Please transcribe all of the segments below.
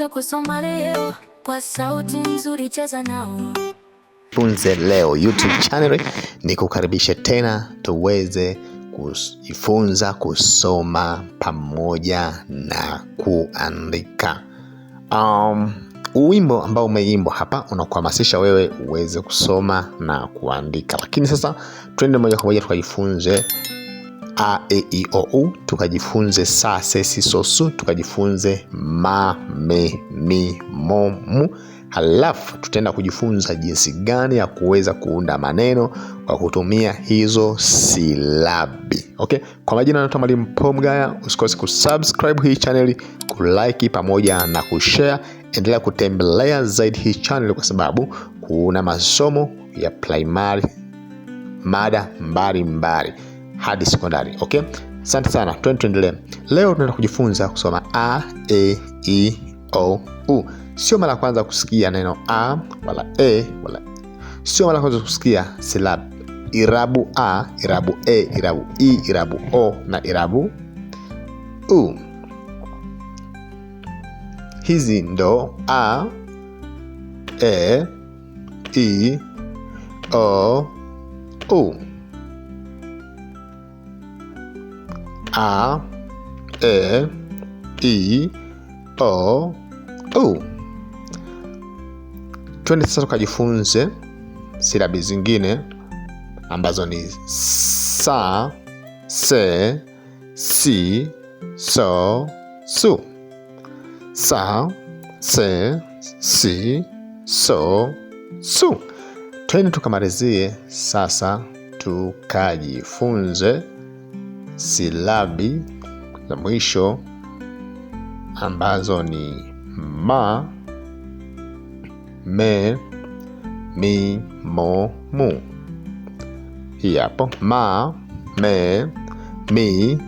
kuanza kusoma leo kwa sauti nzuri, cheza nao funze leo YouTube channel ni kukaribisha tena tuweze kujifunza kusoma pamoja na kuandika. Um, uwimbo ambao umeimbwa hapa unakuhamasisha wewe uweze kusoma na kuandika, lakini sasa twende moja kwa moja tukajifunze a e i o u, tukajifunze sa se si so su, tukajifunze ma me mi mo mu. Halafu tutaenda kujifunza jinsi gani ya kuweza kuunda maneno kwa kutumia hizo silabi. Okay, kwa majina anaitwa Mwalimu pomgaya Usikose kusubscribe hii chaneli, kulike pamoja na kushare. Endelea kutembelea zaidi hii chaneli kwa sababu kuna masomo ya primary mada mbalimbali mbali hadi sekondari. Okay, asante sana, tuendelee. Leo tunaenda kujifunza kusoma a e i o u. Sio mara ya kwanza kusikia neno a wala e wala, e. sio mara ya kwanza kusikia silabi irabu a, irabu e, irabu i, irabu o na irabu u. Hizi ndo a e i o u. a, e, i, o, u. Twende sasa tukajifunze silabi zingine ambazo ni sa, se, si, so, su. Sa, se, si, so, su. Twende tukamalizie sasa tukajifunze silabi za mwisho ambazo ni ma, me, mi, mo, mu. Hii hapo ma, me, mi,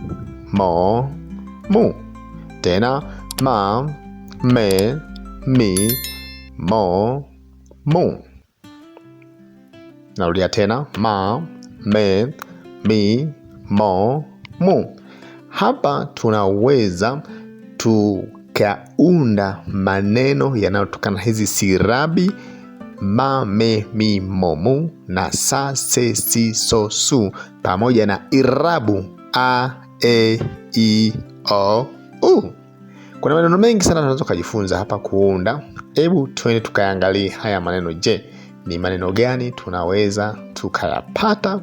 mo, mu. Tena ma, me, mi, mo, mu. Narudia tena ma, me, mi, mo, mu. Hapa tunaweza tukaunda maneno yanayotokana hizi sirabi mamemimomu mi na sa se si so su pamoja na irabu a e i o u. Kuna maneno mengi sana tunaweza kujifunza hapa kuunda. Hebu tuende tukaangalia haya maneno. Je, ni maneno gani tunaweza tukayapata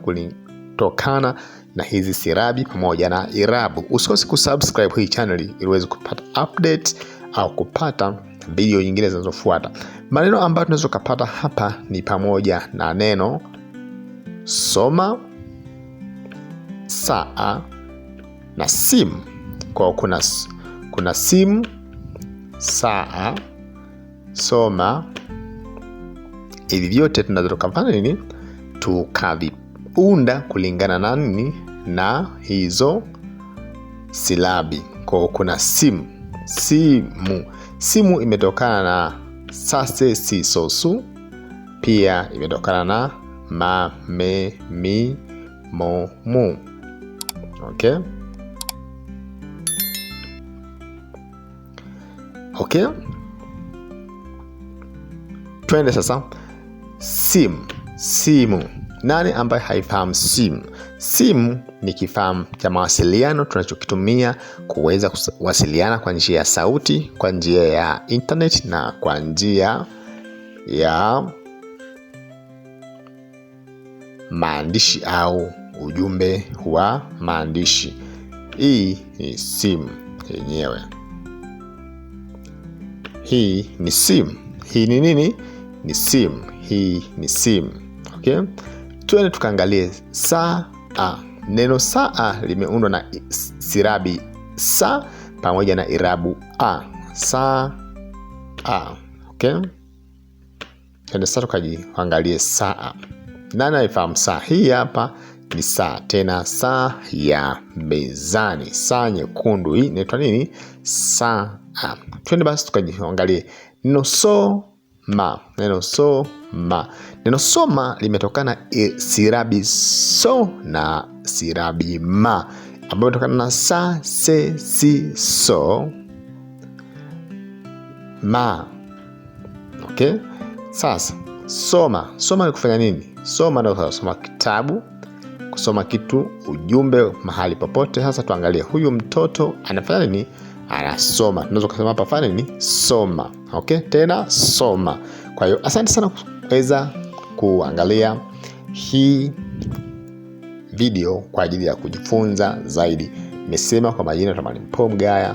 kutokana na hizi sirabi pamoja na irabu. Usikose kusubscribe hii channel ili uweze kupata update au kupata video nyingine zinazofuata. Maneno ambayo tunaweza kupata hapa ni pamoja na neno soma, saa na simu. Kwa kuna, kuna simu, saa, soma, hivi vyote tunaweza tukafanya nini, tukavi unda kulingana na nini? Na hizo silabi. Kwa kuna simu, simu, simu imetokana na sase sisosu, pia imetokana na ma me mi mo mu. Twende sasa, simu, simu nani ambaye haifahamu simu? Simu ni kifaa cha mawasiliano tunachokitumia kuweza kuwasiliana kwa njia ya sauti, kwa njia ya internet na kwa njia ya maandishi au ujumbe wa maandishi. Hii ni simu yenyewe. Hii ni simu. Hii ni nini? Ni simu. Hii ni simu. Okay? Tuende tukaangalie saa. Neno saa limeundwa na silabi sa pamoja na irabu a. Saa okay? Tuende sasa tukajiangalie saa. Nani anaifahamu saa? Hii hapa ni saa, tena saa ya mezani, saa nyekundu. Hii inaitwa nini? Saa. Twende basi tukajiangalie neno so ma neno ma Neno soma limetokana e, sirabi so na sirabi ma ambayo imetokana na sa se si so ma. Okay, sasa soma, soma ni kufanya nini? Soma ndio kitabu, kusoma kitu, ujumbe mahali popote. Sasa tuangalie huyu mtoto anafanya nini anasoma. Tunaweza kusema hapa fani ni soma, okay? Tena soma. Kwa hiyo asante sana kuweza kuangalia hii video kwa ajili ya kujifunza zaidi. Nimesema kwa majina Mwalimu Mpo Mgaya,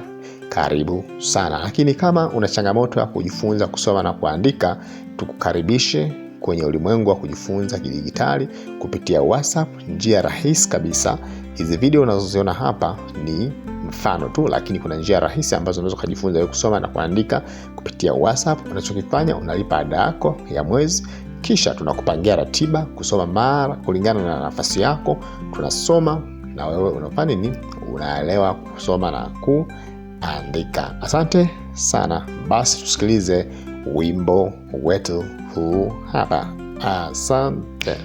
karibu sana. Lakini kama una changamoto ya kujifunza kusoma na kuandika, tukukaribishe kwenye ulimwengu wa kujifunza kidijitali kupitia WhatsApp, njia rahisi kabisa. Hizi video unazoziona hapa ni mfano tu, lakini kuna njia rahisi ambazo unaweza kujifunza wewe kusoma na kuandika kupitia WhatsApp. Unachokifanya, unalipa ada yako ya mwezi, kisha tunakupangia ratiba kusoma mara kulingana na nafasi yako. Tunasoma na wewe unafanya nini? Unaelewa kusoma na kuandika. Asante sana. Basi tusikilize wimbo wetu huu hapa. Asante.